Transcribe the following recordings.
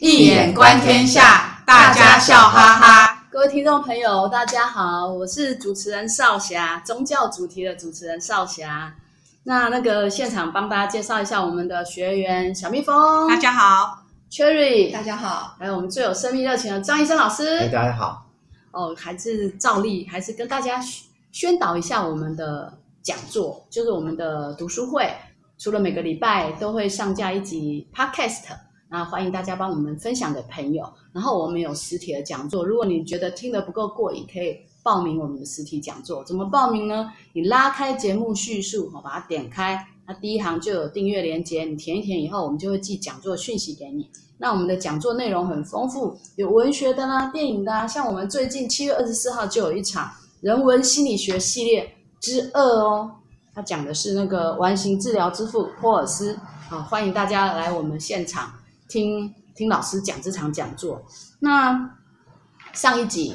易眼觀天下，大家笑哈哈。各位聽眾朋友，大家好，我是主持人少霞，宗教主題的主持人少霞。那那個現場幫大家介紹一下我們的學員小蜜蜂，大家好，Cherry，大家好，還有我們最有生命熱情的張醫生老師，大家好。哦，還是照例，還是跟大家宣導一下我們的講座，就是我們的讀書會，除了每個禮拜都會上架一集 Podcast。那歡迎大家幫我們分享給朋友。然後我們有實體的講座，如果你覺得聽得不夠過癮，可以報名我們的實體講座。怎麼報名呢？你拉開節目敘述，好，把它點開，那第一行就有訂閱鏈接，你填一填以後，我們就會寄講座訊息給你。那我們的講座內容很豐富，有文學的啦、啊、電影的啦、啊。像我們最近七月二十四號就有一場人文心理學系列之二哦，它講的是那個完形治療之父霍爾斯。好，歡迎大家來我們現場。聽聽老師講這場講座。那上一集，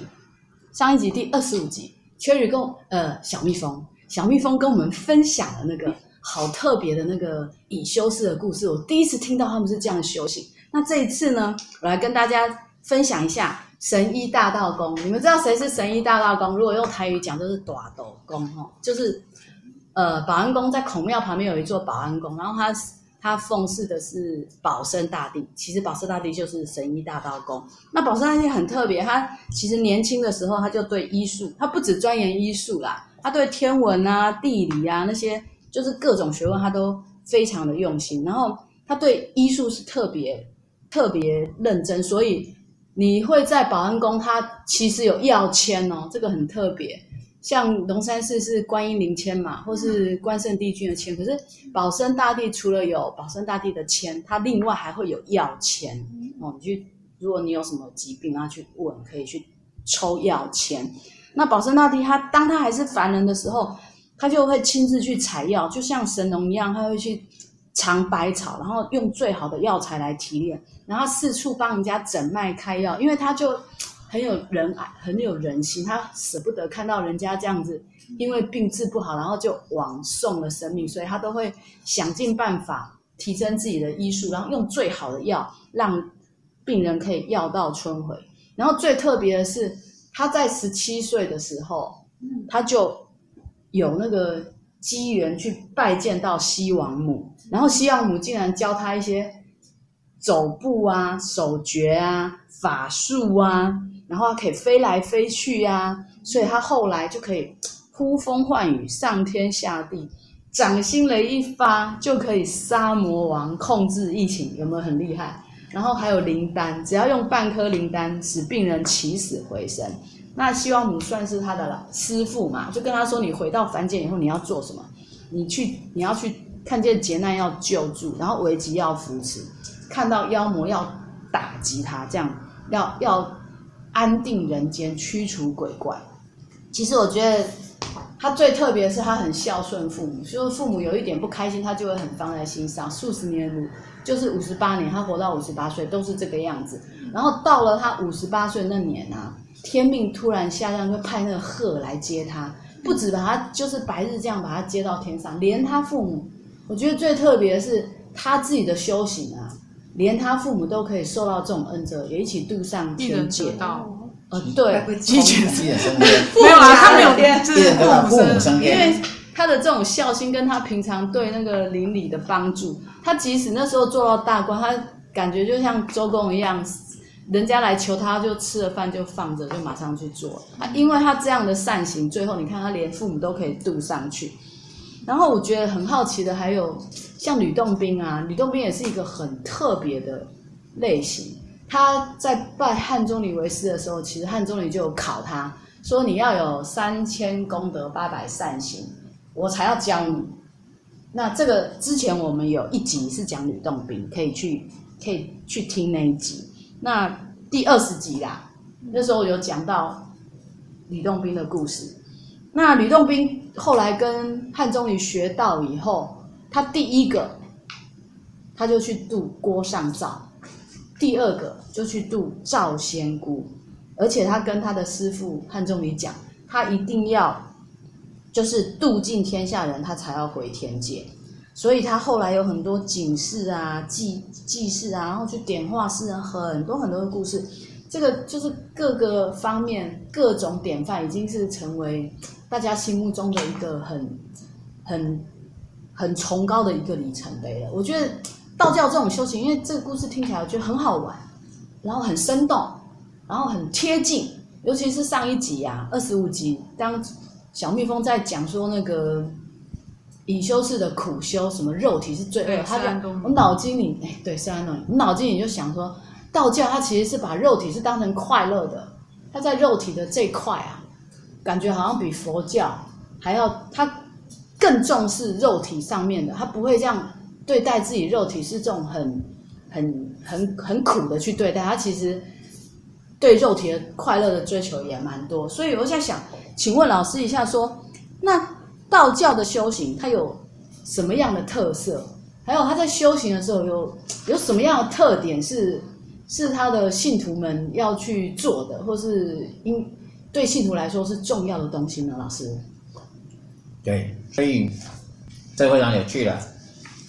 上一集第二十五集，Cherry 跟呃小蜜蜂，小蜜蜂跟我們分享的那個好特別的那個已修士的故事，我第一次聽到他們是這樣修行。那這一次呢，我來跟大家分享一下神醫大道公。你們知道誰是神醫大道公？如果用台語講，就是大道公，哦，就是呃保安宮，在孔廟旁邊有一座保安宮，然後他。他奉祀的是保生大帝，其實保生大帝就是神醫大道公。那保生大帝很特別，他其實年輕的時候他就對醫術，他不止鑽研醫術啦，他對天文啊、地理啊那些，就是各種學問，他都非常的用心。然後他對醫術是特別特別認真，所以你會在保安宮，他其實有藥籤哦，這個很特別。像龍山寺是觀音靈籤嘛，或是關聖帝君的籤。可是保生大帝除了有保生大帝的籤，他另外還會有藥籤哦。你去，如果你有什麼疾病啊，去問可以去抽藥籤。那保生大帝他當他還是凡人的時候，他就會親自去採藥，就像神農一樣，他會去嘗百草，然後用最好的藥材來提煉，然後四處幫人家診脈開藥，因為他就，很有人愛，很有人性，他捨不得看到人家這樣子，因為病治不好，然後就枉送了生命，所以他都會想盡辦法提升自己的醫術，然後用最好的藥讓病人可以藥到春回。然後最特別的是，他在十七歲的時候，他就有那個機緣去拜見到西王母，然後西王母竟然教他一些走步啊、手訣啊、法術啊。然後他可以飛來飛去呀、啊，所以他後來就可以呼風喚雨、上天下地，掌心雷一發就可以殺魔王、控制疫情，有沒有很厲害？然後還有靈丹，只要用半顆靈丹使病人起死回生。那西王母算是他的老師傅嘛，就跟他說：“你回到凡間以後你要做什麼？你去，你要去看見劫難要救助，然後危急要扶持，看到妖魔要打擊他，這樣要要。”安定人間，驅除鬼怪。其實我覺得他最特別的是，他很孝順父母，就是父母有一點不開心，他就會很放在心上。數十年如就是五十八年，他活到五十八歲都是這個樣子。然後到了他五十八歲那年啊，天命突然下降，就派那個鶴來接他，不止把他，就是白日這樣把他接到天上，連他父母。我覺得最特別的是他自己的修行啊。連他父母都可以受到這種恩澤，也一起度上天界哦。呃，是不是會，對，一起渡上天界。沒有啊。他沒有天，就是父母。因為他的這種孝心，跟他平常對那個鄰里的幫助，他即使那時候做到大官，他感覺就像周公一樣，人家來求他就吃了飯就放着就馬上去做。因為他這樣的善行，最後你看他連父母都可以度上去。然後我覺得很好奇的還有像呂洞賓啊，呂洞賓也是一個很特別的類型。他在拜漢鍾離為師的時候，其實漢鍾離就有考他說，你要有三千功德、八百善行，我才要教你。那這個之前我們有一集是講呂洞賓，可以去可以去聽那一集。那第二十集啦，那時候有講到呂洞賓的故事。那呂洞賓後來跟漢鍾離學道以後，他第一個，他就去渡郭上灶，第二個就去渡趙仙姑，而且他跟他的師父漢鍾離講，他一定要，就是渡盡天下人，他才要回天界。所以他後來有很多警示啊、濟濟世啊，然後去點化世人、啊、很多很多的故事。這個就是各個方面、各種典範，已經是成為大家心目中的一個很、很、很崇高的一個里程碑了。我覺得道教這種修行，因為這個故事聽起來我覺得很好玩，然後很生動，然後很貼近。尤其是上一集呀、啊，二十五集，當小蜜蜂在講說那個隱修士的苦修，什麼肉體是罪惡，他我腦筋裡哎，對，釋安東，我腦筋裡就想說。道教它其實是把肉體是當成快樂的，它在肉體的這塊啊，感覺好像比佛教還要它更重視肉體上面的，它不會這樣對待自己肉體是這種很很很很苦的去對待，它其實對肉體的快樂的追求也蠻多，所以我在想，請問老師一下說，說那道教的修行它有什麼樣的特色？還有他在修行的時候有有什麼樣的特點是？是他的信徒們要去做的，或是應對信徒來說是重要的東西呢？老師，對，所以這非常有趣了。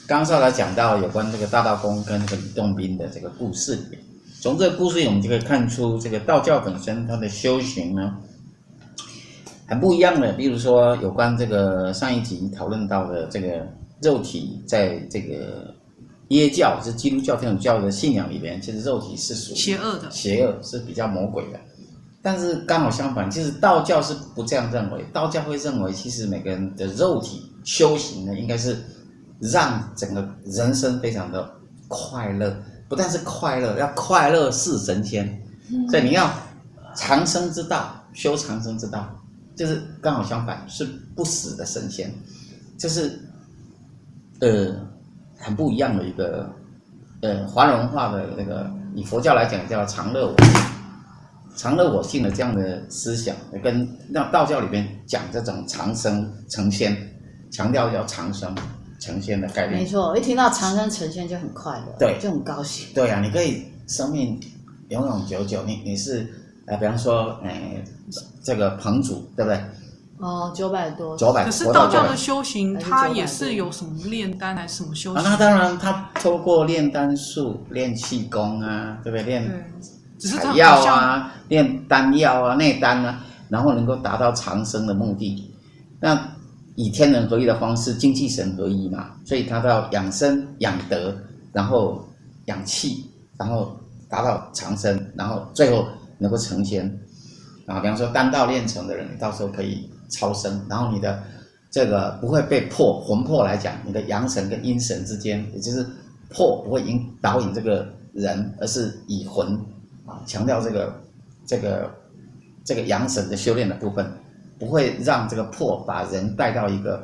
剛才講到有關這個大道公跟這個呂洞賓的這個故事，從這個故事我們就可以看出，這個道教本身它的修行呢，很不一樣的。比如說有關這個上一集討論到的這個肉體在這個。耶教是基督教這種教的信仰裡邊，其實肉體是屬邪惡的，邪惡的，邪惡是比較魔鬼的。但是剛好相反，其實道教是不這樣認為。道教會認為，其實每個人的肉體修行呢，應該是讓整個人生非常的快樂，不但是快樂，要快樂似神仙，嗯。所以你要長生之道，修長生之道，就是剛好相反，是不死的神仙，就是呃。很不一樣的一個，呃，華人文化的那，這個，以佛教來講叫「常樂我常樂我性」我性的這樣的思想，跟那道教裡邊講這種長生成仙，強調叫長生成仙的概念。沒錯，一聽到長生成仙就很快樂，對，就很高興。對啊，你可以生命永永久久，你你是呃，比方說呃，這個彭祖，對不對？哦，九百多，九百多。可是道教的修行，它也是有什麼煉丹還是什麼修行？啊、那當然，他通過煉丹術、練氣功啊，對不對？煉採藥啊，煉丹、啊、丹藥啊，內丹啊，然後能夠達到長生的目的。那以天人合一的方式，精氣神合一嘛，所以他都要養生、養德，然後養氣，然後達到長生，然後最後能夠成仙。啊，比方說丹道練成的人，到時候可以。超生，然後你的這個不會被魄魂魄來講，你的陽神跟陰神之間，也就是魄不會引導引這個人，而是以魂啊強調這個這個、這個、這個陽神的修煉的部分，不會讓這個魄把人帶到一個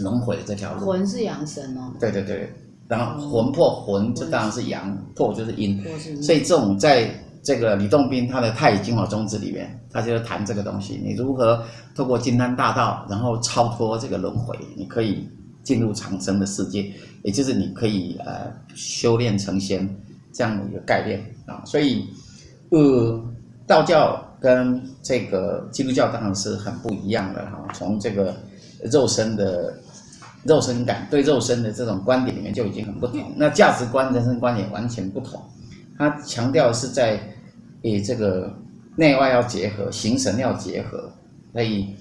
輪回的這條路。魂是陽神哦。對對對，然後魂魄魂這當然是陽，魄就，就是陰是。所以這種在。這個呂洞賓他的《太乙金華宗旨》裡面，他就談這個東西：你如何透過金丹大道，然後超脫這個輪迴，你可以進入長生的世界，也就是你可以呃修煉成仙這樣的一個概念啊。所以，呃，道教跟這個基督教當然是很不一樣的哈。從這個肉身的肉身感，對肉身的這種觀點裡面就已經很不同，那價值觀、人生觀也完全不同。他強調是在以、欸、這個內外要結合，形神要結合，可以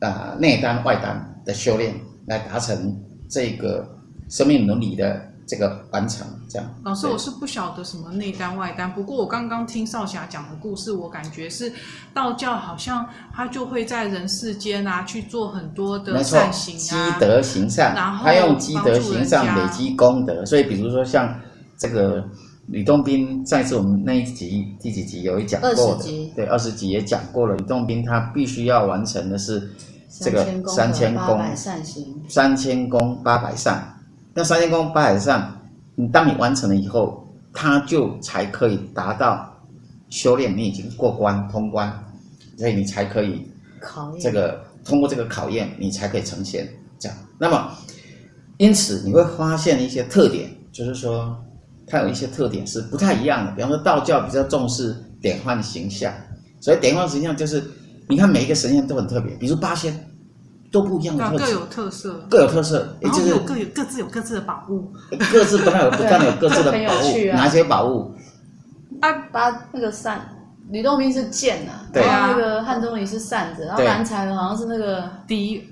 啊內、呃、丹外丹的修煉來達成這個生命倫理的這個完成。這樣，老師，我是不曉得什麼內丹外丹，不過我剛剛聽少俠講的故事，我感覺是道教好像他就會在人世間啊去做很多的善行、啊，積德行善，然後他用積德行善累積功德。所以比如說像這個。呂洞賓，在是，我們那一集第幾集有講過的，對，二十集也講過了。呂洞賓他必須要完成的是這個三千功、三千功、三千功八百善。那三千功八百善，你當你完成了以後，他就才可以達到修煉，你已經過關通關，所以你才可以、這個、考驗這個通過這個考驗，你才可以成仙。這樣，那麼因此你會發現一些特點，就是說。它有一些特點是不太一樣的，比方說道教比較重視典範的形象，所以典範形象就是，你看每一個神仙都很特別，比如八仙，都不一樣的特。各有特色，各有特色，然後有各有、就是、各自有各自的寶物，各自都有各的本來有各自的寶物、啊，哪些寶物？啊，八那個扇，呂洞賓是劍吶、啊，對、啊。那個漢鍾離是扇子，然後藍采好像是那個第一。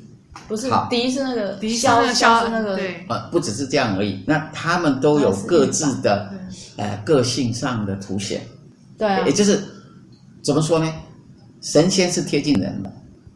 不是笛，是那個簫，簫是那個是、那個對啊。不只是這樣而已，那他們都有各自的，是是呃，個性上的凸顯。對、啊，也就是，怎麼說呢？神仙是貼近人的。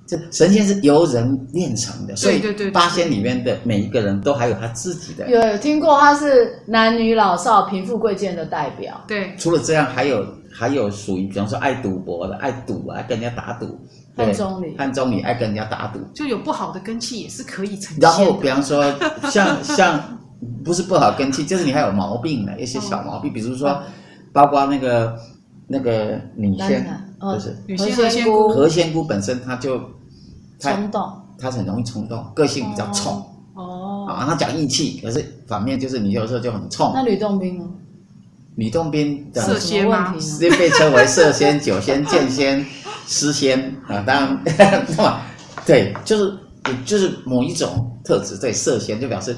就神仙是由人煉成的，所以八仙裡面的每一個人都還有他自己的。對對對對對，有聽過他是男女老少、貧富貴賤的代表。對。除了這樣，還有還有屬於，比方說愛賭博的，愛賭啊，跟人家打賭。漢鍾離。漢鍾離愛跟人家打賭。就有不好的根器也是可以成。然後，比方說像像，像不是不好根器， 就是你還有毛病的，一些小毛病，哦、比如說、啊，包括那個那個女仙。男男就是何仙姑，何仙姑本身她就太衝動，她很容易衝動，個性比較衝。哦，啊，他講義氣，可是反面就是你有時候就很衝。那呂洞賓呢？呂洞賓的，色仙嘛，直接被稱為色仙、酒 仙、劍仙、詩仙啊，當然，嗯、 對，就是就是某一種特質，對，色仙就表示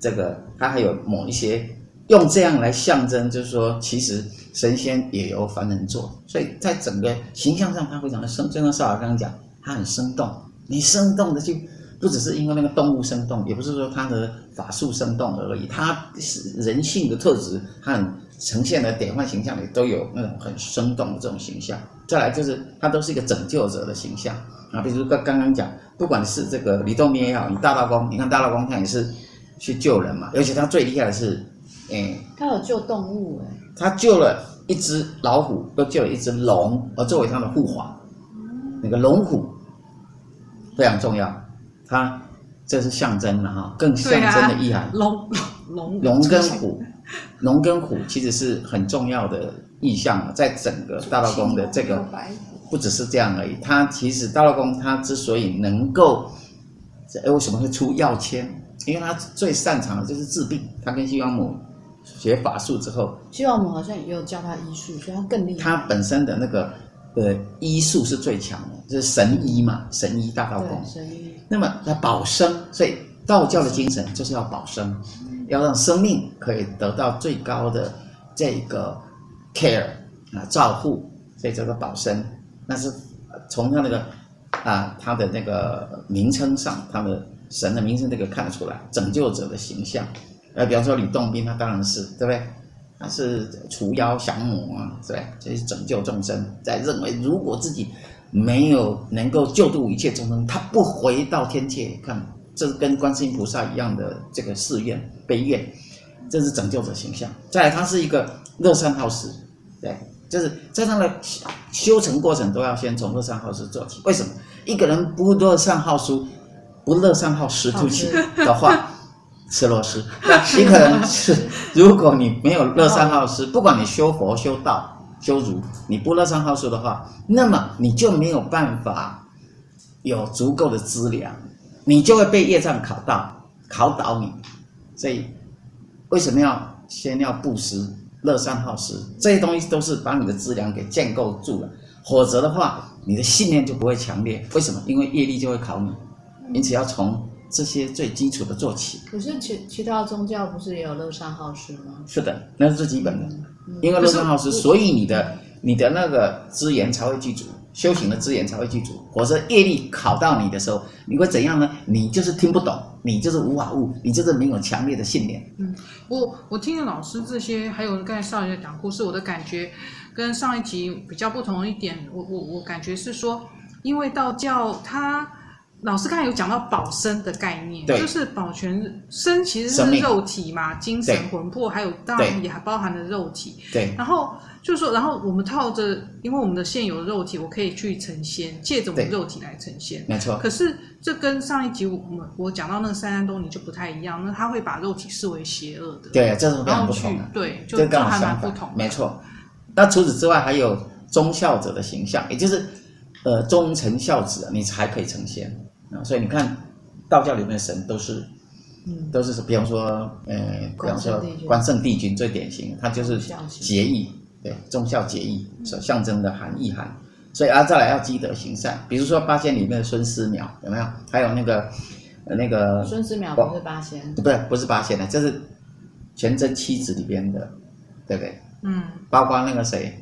這個他還有某一些用這樣來象徵，就是說其實。神仙也由凡人做，所以在整個形象上，它非常的生。就像少華剛剛講，它很生動。你生動的就不只是因為那個動物生動，也不是說它的法術生動而已，它是人性的特質，它很呈現的典範形象裡都有那種很生動的這種形象。再來就是，它都是一個拯救者的形象啊，比如剛剛剛講，不管是這個呂洞賓也好，你大道公，你看大道公他也是去救人嘛，而且他最厲害的是，哎、嗯，他有救動物哎、欸。他救了一隻老虎，都救了一隻龍，而作為他的護法，那個龍虎非常重要。它這是象徵的哈，更象徵的意涵。龍龍龍跟虎，龍跟虎， 龍跟虎其實是很重要的意象，在整個大道公的這個。不只是這樣而已，它其實大道公他之所以能夠，欸、為什麼會出藥籤？因為他最擅長的就是治病，他跟西王母。學法術之後，希望我們好像也有教他醫術，所以他更厲害。他本身的那個呃醫術是最強的，就是神醫嘛，神醫大道公。神醫。那麼他保生，所以道教的精神就是要保生，嗯、要讓生命可以得到最高的這個 care 啊，照護，所以叫做保生。那是從他那個啊他的那個名稱上，他的神的名稱都可以看得出來，拯救者的形象。那比方說呂洞賓，他當然是對不對？他是除妖降魔啊，對，對，這、就是拯救眾生，在認為如果自己沒有能夠救度一切眾生，他不回到天界，看這是跟觀世音菩薩一樣的這個誓願悲願，這是拯救者形象。再他是一個樂善好施，對，就是在他的修成過程都要先從樂善好施做起。為什麼一個人不樂善好施，不樂善好施不起的話？ 吃肉食，你可能是如果你沒有樂善好施，不管你修佛、修道、修儒，你不樂善好施的話，那麼你就沒有辦法有足夠的資糧，你就會被業障考到考倒你。所以為什麼要先要布施、樂善好施？這些東西都是把你的資糧給建構住了，否則的話，你的信念就不會強烈。為什麼？因為業力就會考你，因此要從。這些最基礎的做起。可是其其他宗教不是也有樂善好施嗎？是的，那是最基本的。嗯，因為樂善好施，所以你的你的那個資源才會具足，修行的資源才會具足。或者業力考到你的時候，你會怎樣呢？你就是聽不懂，你就是無法悟，你就是沒有強烈的信念。嗯，我我聽了老師這些，還有剛才少爺講故事，我的感覺跟上一集比較不同一點。我我我感覺是說，因為道教它。老師剛才有講到保身的概念，就是保全身，其實是肉體嘛，精神、魂魄，還有當然也還包含了肉體。對。然後就是說，然後我們套着，因為我們的現有肉體，我可以去成仙，借着我們肉體來成仙，沒錯。可是這跟上一集我我講到那個三山多尼就不太一樣，那他會把肉體視為邪惡的，對，這種比較不同對，就這個、跟就還蠻不同的，沒錯。那除此之外，還有忠孝者的形象，也就是呃忠臣孝子，你才可以成仙。啊，所以你看，道教裡面的神都是，嗯、都是比方說，呃，比方說關聖帝君最典型，他就是節義教，對，忠孝節義所象徵的含義涵。所以啊，再來要積德行善，比如說八仙裡面的孫思邈有沒有？還有那個，那個孫思邈不是八仙，不是不是八仙的，這是全真七子裡邊的，對不對？嗯，包括那個誰？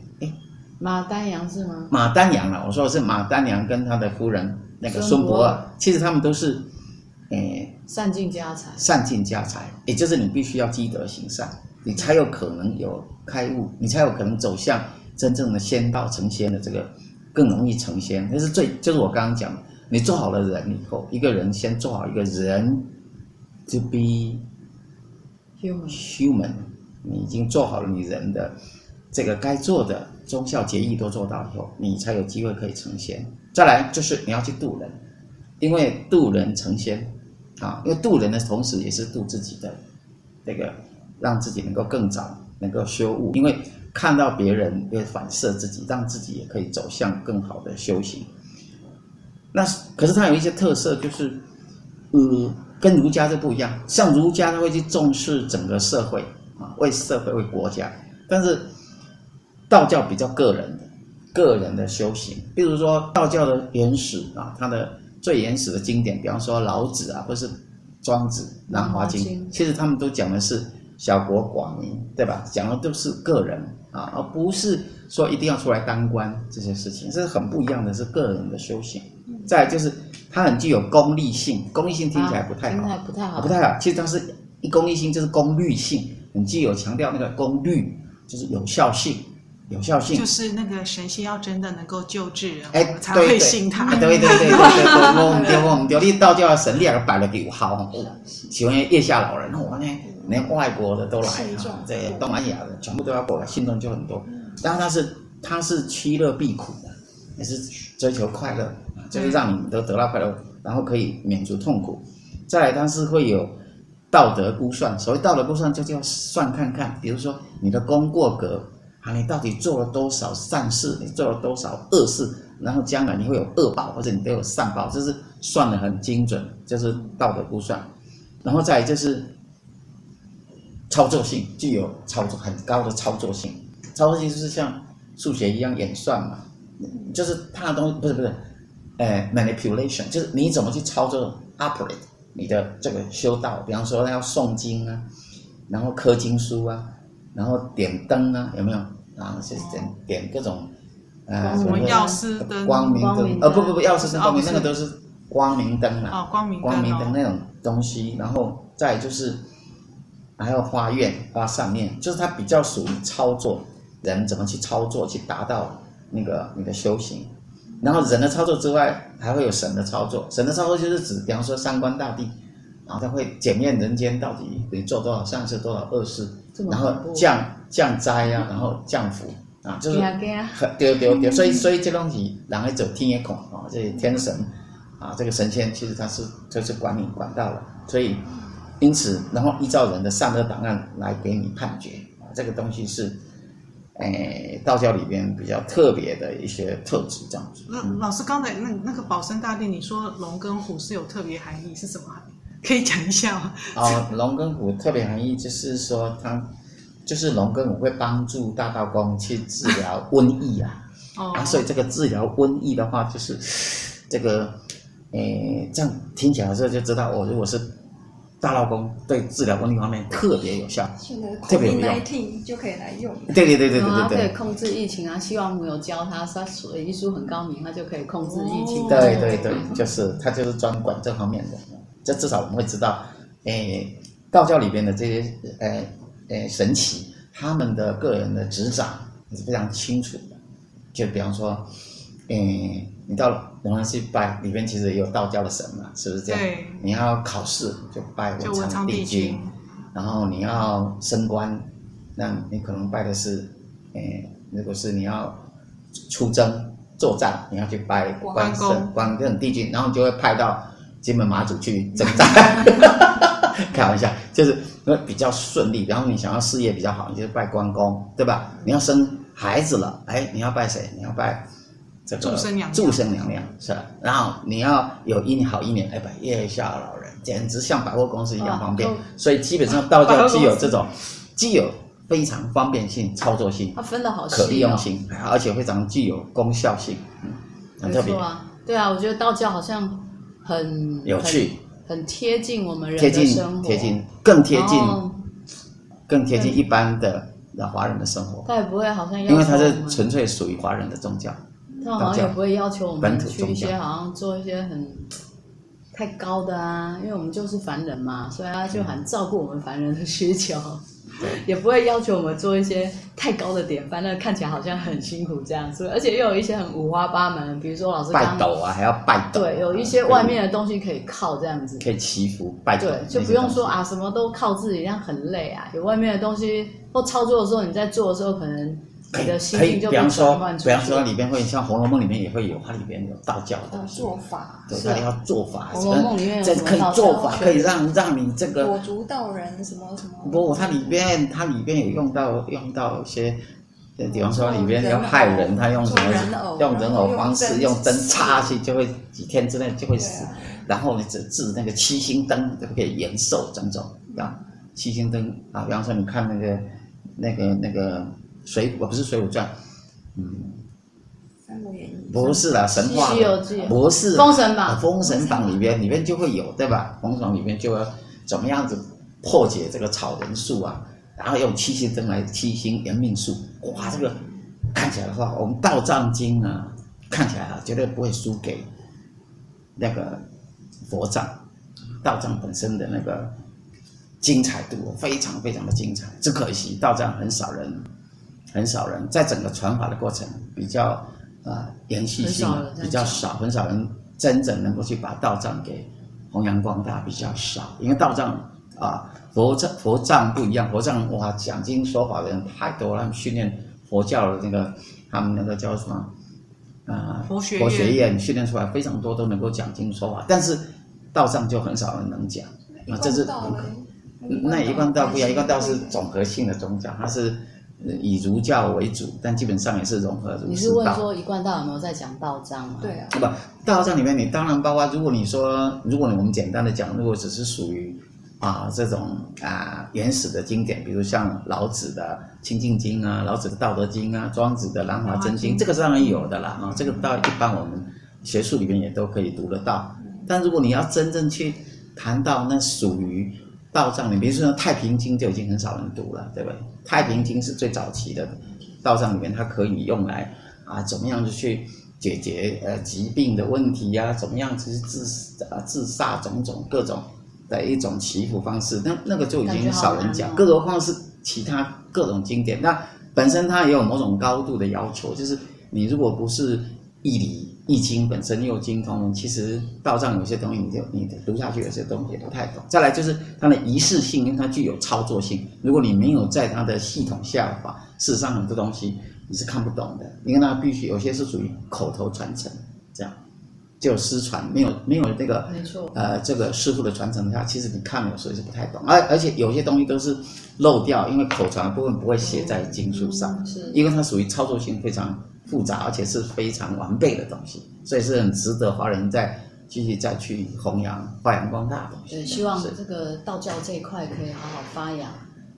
馬丹陽是嗎？馬丹陽啊，我說的是馬丹陽跟他的夫人那個孫不二，其實他們都是，誒、呃，散盡家財，散盡家財，也就是你必須要積德行善，你才有可能有開悟，你才有可能走向真正的仙道成仙的這個更容易成仙。那是最，就是我剛剛講，你做好了人以後，一個人先做好一個人，to be human, human，你已經做好了你人的。這個該做的忠孝節義都做到以後，你才有機會可以成仙。再來就是你要去渡人，因為渡人成仙啊，因為渡人的同時也是渡自己的，這個讓自己能夠更早能夠修悟，因為看到別人也反射自己，讓自己也可以走向更好的修行。那可是它有一些特色，就是呃、嗯、跟儒家是不一樣。像儒家他會去重視整個社會啊，為社會為國家，但是。道教比較個人的，個人的修行，比如說道教的原始啊，它的最原始的經典，比方說老子啊，或是莊子《南華經》經，其實他們都講的是小國寡民，對吧？講的都是個人啊，而不是說一定要出來當官這些事情，這是很不一樣的是個人的修行。嗯、再來就是它很具有功利性，功利性聽起來不太好，啊、不太好、啊，不太好。其實它是一功利性，就是功利性，很具有強調那個功率，就是有效性。有效性就是那個，神仙要真的能夠救治人，哎、欸，才會信他、欸。對對對對對，我們我們我們道教的神力而擺了比較好，喜歡月下老人，那我呢連外國的都來啊，在東南亞的全部都要過來，信眾就很多。但是他是他是趨樂避苦的，也是追求快樂，就是讓你們都得到快樂，然後可以免除痛苦。再來，他是會有道德估算，所謂道德估算就叫算看看，比如說你的功過格。啊，你到底做了多少善事？你做了多少惡事？然後將來你會有惡報，或者你都有善報，這是算的很精準，就是道德估算。然後再就是操作性，具有操作很高的操作性。操作性就是像數學一樣演算嘛，就是他的東西不是不是，哎、呃，manipulation 就是你怎麼去操作 operate 你的這個修道？比方說要誦經啊，然後刻經書啊，然後點燈啊，有沒有？然後就是點點各種，哦、呃，什麼藥師燈光明燈，燈呃，不不不，藥師燈、光明，燈、哦、燈光明那個都是光明燈了、啊哦哦，光明燈那種東西。然後再就是還有發願、發善念，就是它比較屬於操作人怎麼去操作去達到那個你的修行。然後人的操作之外，還會有神的操作。神的操作就是指，比方說三官大帝。然後他會檢驗人間到底得做多少善事、多少惡事，然後降降災啊，嗯、然後降福啊，就是丟丢丢。所以所以這東西，狼後走天也孔啊，這些天神啊，這個神仙其實他是就是管你管到了，所以、嗯、因此然後依照人的善惡檔案來給你判決啊，這個東西是，誒、呃，道教裡邊比較特別的一些特質這樣子。那、嗯、老、老師剛才那那個保生大帝，你說龍跟虎是有特別含義，是什麼含義？可以講一下嗎？哦，龍跟虎特別含義就是說它，他就是龍跟虎會幫助大道公去治療瘟疫啊。哦、 啊。所以這個治療瘟疫的話，就是這個，誒、呃，這樣聽起來的時候就知道，我如果是大道公，對治療瘟疫方面特別有效，就是、特別有用，就可以來用。對對對對對對，對，對，對。對、哦、控制疫情啊，西王母有教他，他所以醫術很高明，他就可以控制疫情。哦、對，對對對，對對對嗯、就是他就是專管這方面的。這至少我們會知道，誒，道教裡邊的這些，誒，誒，神祇，他們的個人的職掌也是非常清楚的。就比方說，誒，你到，龍要去拜，裡邊其實也有道教的神嘛，是不是這樣？對，你要考試就拜文昌帝君，就文昌帝君，然後你要升官，那你可能拜的是，誒，如果是你要出征作戰，你要去拜關聖關聖帝君，然後你就會派到，金門馬祖去征戰，開玩笑，， 就是因為比較順利。然後你想要事業比較好，你就拜關公，對吧？嗯、你要生孩子了，哎、欸，你要拜誰？你要拜這個註生娘娘，註生娘娘，是、啊、然後你要有一年好一年，哎，拜月下老人，簡直像百貨公司一樣方便、哦。所以基本上道教具有這種、啊，既有非常方便性、操作性、分得好細、哦、可利用性，而且非常具有功效性。嗯、很特別，對啊，我覺得道教好像。很有趣，很貼近我們人的生活，貼近，貼近更貼近、哦，更貼近一般的華人的生活。他也不會好像要，因為他是純粹屬於華人的宗教，他好像也不會要求我們去一些好像做一些很，太高的啊，因為我們就是凡人嘛，所以他就很照顧我們凡人的需求。也不會要求我們做一些太高的典範，反正看起來好像很辛苦這樣子。而且又有一些很五花八門，比如說老師剛剛拜斗啊，還要拜斗，對，有一些外面的東西可以靠這樣子，可以祈福，拜斗，對，就不用說啊，什麼都靠自己，這樣很累啊。有外面的東西，或操作的時候，你在做的時候可能。可以可以，比方說，比方說裡面，裡邊會像《紅樓夢》裡面也會有，它裡邊有道教的做法，對，它要做法，啊《紅樓夢》裡面做法可以讓讓你這個？跛足道人什麼什麼？不，它裡邊它裡邊有用到用到一些，嗯、比方說裡邊要害人、嗯，他用什麼人用人偶用方式，用針插去就會幾天之內就會死，啊、然後治治那個七星燈就可以延壽整種種、嗯、七星燈啊，比方說你看那個那個那個。那個水我不是《水滸傳》，嗯，《三國演義》不是啦，神話《西遊記》不是。封神榜。封，啊、神榜裡面裡面就會有對吧？封神榜裡面就要怎麼樣子破解這個草人術啊？然後用七星燈來七星延命術。哇，這個看起來的話，我們《道藏經》啊，看起來啊，絕對不會輸給那個佛藏，《道藏》本身的那個精彩度非常非常的精彩。只可惜《道藏》很少人。很少人在整個傳法的過程比較呃延續性比較少，很少人真正能夠去把道藏給弘揚光大，比較少。因為道藏啊、呃，佛藏佛藏不一樣，佛藏哇講經說法的人太多了，他們訓練佛教的那個他們那個叫什麼啊佛、呃、佛學院、佛學院、嗯、訓練出來非常多都能夠講經說法，但是道藏就很少人能講。那這是那一貫道，道不一樣，一貫道，道是總和性的宗教，它是。以儒教為主，但基本上也是融合儒教。你是問說一貫道有沒有在講道藏嘛？對啊。吧道藏裡面你當然包括，如果你說，如果我們簡單的講，如果只是屬於啊這種啊原始的經典，比如像老子的《清淨經》啊、老子的《道德經》啊、莊子的《南華真經》經，這個當然有的啦。啊，這個到一般我們學術裡面也都可以讀得到。但如果你要真正去談到那屬於。道藏裡面，比如說《太平經》就已經很少人讀了，對不對？《太平經》是最早期的道藏裡面，它可以用來啊，怎麼樣去解決呃疾病的問題呀、啊？怎麼樣去自、啊、自殺種種各種的一種祈福方式，那那個就已經很少人講。更何況是其他各種經典，那本身它也有某種高度的要求，就是你如果不是義理。易經本身又精通，其實道藏有些東西你，你就你讀下去有些東西也不太懂。再來就是它的儀式性，因為它具有操作性。如果你沒有在它的系統下的話，事實上很多東西你是看不懂的。因為它必須有些是屬於口頭傳承，這樣就失傳，沒有沒有那個呃這個師傅的傳承下，它其實你看了，所以是不太懂。而、啊、而且有些東西都是漏掉，因為口傳部分不會寫在經書上、嗯，是，因為它屬於操作性非常。複雜，而且是非常完備的東西，所以是很值得華人再繼續再去弘揚、發揚光大的東西。對。對，希望這個道教這一塊可以好好發揚，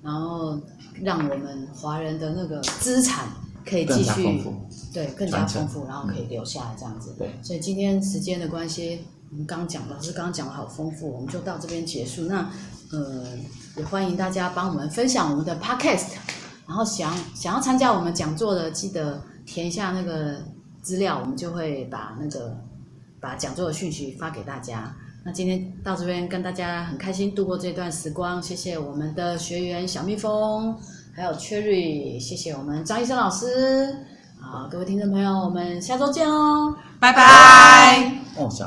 然後讓我們華人的那個資產可以繼續更加豐富。對，更加豐富，然後可以留下來這樣子，嗯。對，所以今天時間的關係，我們剛講老師剛剛講的好豐富，我們就到這邊結束。那呃也歡迎大家幫我們分享我們的 podcast，然後想想要參加我們講座的記得填一下那個資料，我們就會把那個把講座的訊息發給大家。那今天到這邊跟大家很開心度過這段時光，謝謝我們的學員小蜜蜂，還有 Cherry，謝謝我們張醫生老師。好，各位聽眾朋友，我們下周見哦，拜拜。哦，想了。